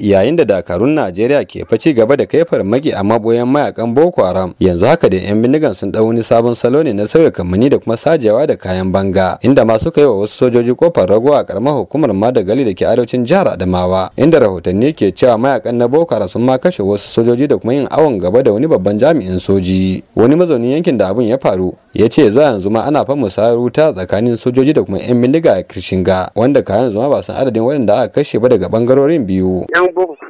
yayin da dakarun najeriya ke faci gaba da kai farmaki a maboyan mayakan boko haram yanzu haka da yan bindigan sun dau wani sabon salo ne na sauya kamani da kuma sajewa da kayan banga inda ma suka yi wa wasu sojoji kofar ragowa a karamar hukumar madagali da ke arewacin jihar adamawa inda rahotanni ke cewa mayakan na boko haram sun ma kashe wasu sojoji da kuma yin awon gaba da wani babban jami'in soji wani mazaunin yankin da abin ya faru ya ce za yanzu ma ana fa musayar wuta tsakanin sojoji da kuma yan bindiga a kirshinga wanda kayan zuma ba san adadin waɗanda aka kashe ba daga bangarorin biyu yan boobu sax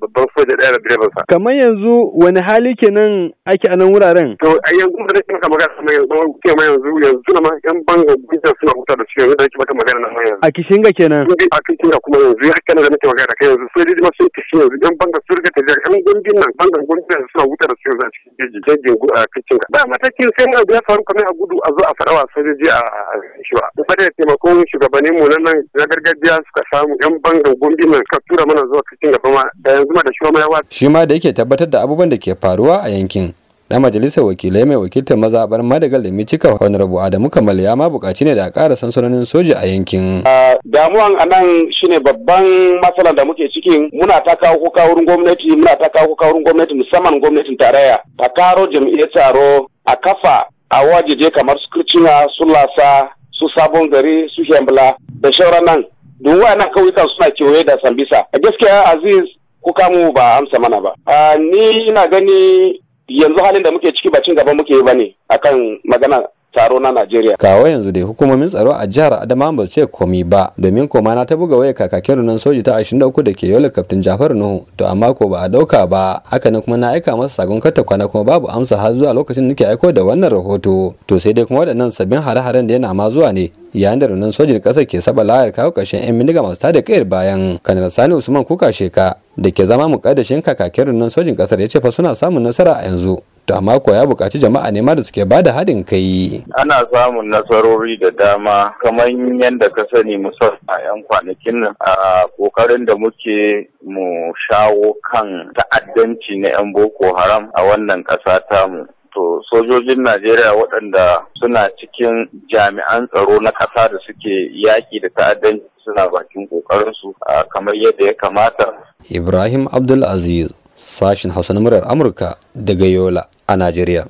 babban soja ɗaya da sa. Kamar yanzu wani hali kenan ake a nan wuraren? To a yanzu da nake maka magana kamar yanzu ke mai yanzu yanzu na ma yan banga bisa suna huta da su yanzu da nake maka magana na yanzu. A Kishinga kenan. A Kishinga kuma yanzu ya kana da nake magana da kai yanzu sai dai ma sun kishi yanzu yan banga sun riga tafiya yan gungin nan bangan gungin suna huta da su yanzu a cikin jeji jejin a Kishinga. Ba matakin sai na ya faru kamar a gudu a zo a faɗawa sojoji a shi ba. Ba da taimakon shugabanninmu na nan na gargajiya suka samu yan bangan gungin nan suka tura mana zuwa Kishinga ba ma yanzu da shi ma da yake tabbatar da abubuwan da ke faruwa a yankin na majalisar wakilai mai wakiltar mazaɓar madagal da micika honorable adamu kamal ya ma buƙaci ne da a ƙara sansanonin soja a yankin. damuwan a nan shine babban matsalar da muke cikin muna ta kawo kuka wurin gwamnati muna ta kawo kuka wurin gwamnati musamman gwamnatin tarayya ta karo jam'iyyar taro a kafa a wajeje kamar su kircina su lasa su sabon gari su hembla da shauran nan duk wayannan kauyukan suna kewaye da sambisa a gaskiya aziz kuka mu ba amsa mana ba. A ni ina gani yanzu halin da muke ciki ba cin gaba muke ba ne kan magana taro na Najeriya. Kawo yanzu dai hukumomin tsaro a jihar Adama ba ce komi ba domin koma na ta buga waya kakakin runan soji ta 23 da ke yola kaftin Jafar Nuhu to amma ko ba a dauka ba haka ne kuma na aika masa sakon kata kwana kuma babu amsa har zuwa lokacin nake aiko da wannan rahoto to sai dai kuma waɗannan sabbin hare-haren da yana ma zuwa ne yayin da rundunar sojin ƙasa ke saba layar kawo ƙarshen 'yan bindiga masu tada kayar bayan kanar sani usman kuka sheka da ke zama muƙaddashin kakakin rundunar sojin ƙasar ya ce fa suna samun nasara a yanzu to amma ko ya buƙaci jama'a ne ma da suke bada haɗin kai. Ana samun nasarori da dama kamar yadda ka sani musamman a 'yan kwanakin nan a kokarin da muke mu shawo kan ta'addanci na 'yan Boko Haram a wannan ƙasa tamu. wato sojojin Najeriya waɗanda suna cikin jami'an tsaro na ƙasa da suke yaƙi da ta'addanci suna bakin ƙoƙarinsu kamar yadda ya kamata. Ibrahim Abdulaziz, sashin Hausa na murar Amurka daga Yola a Najeriya.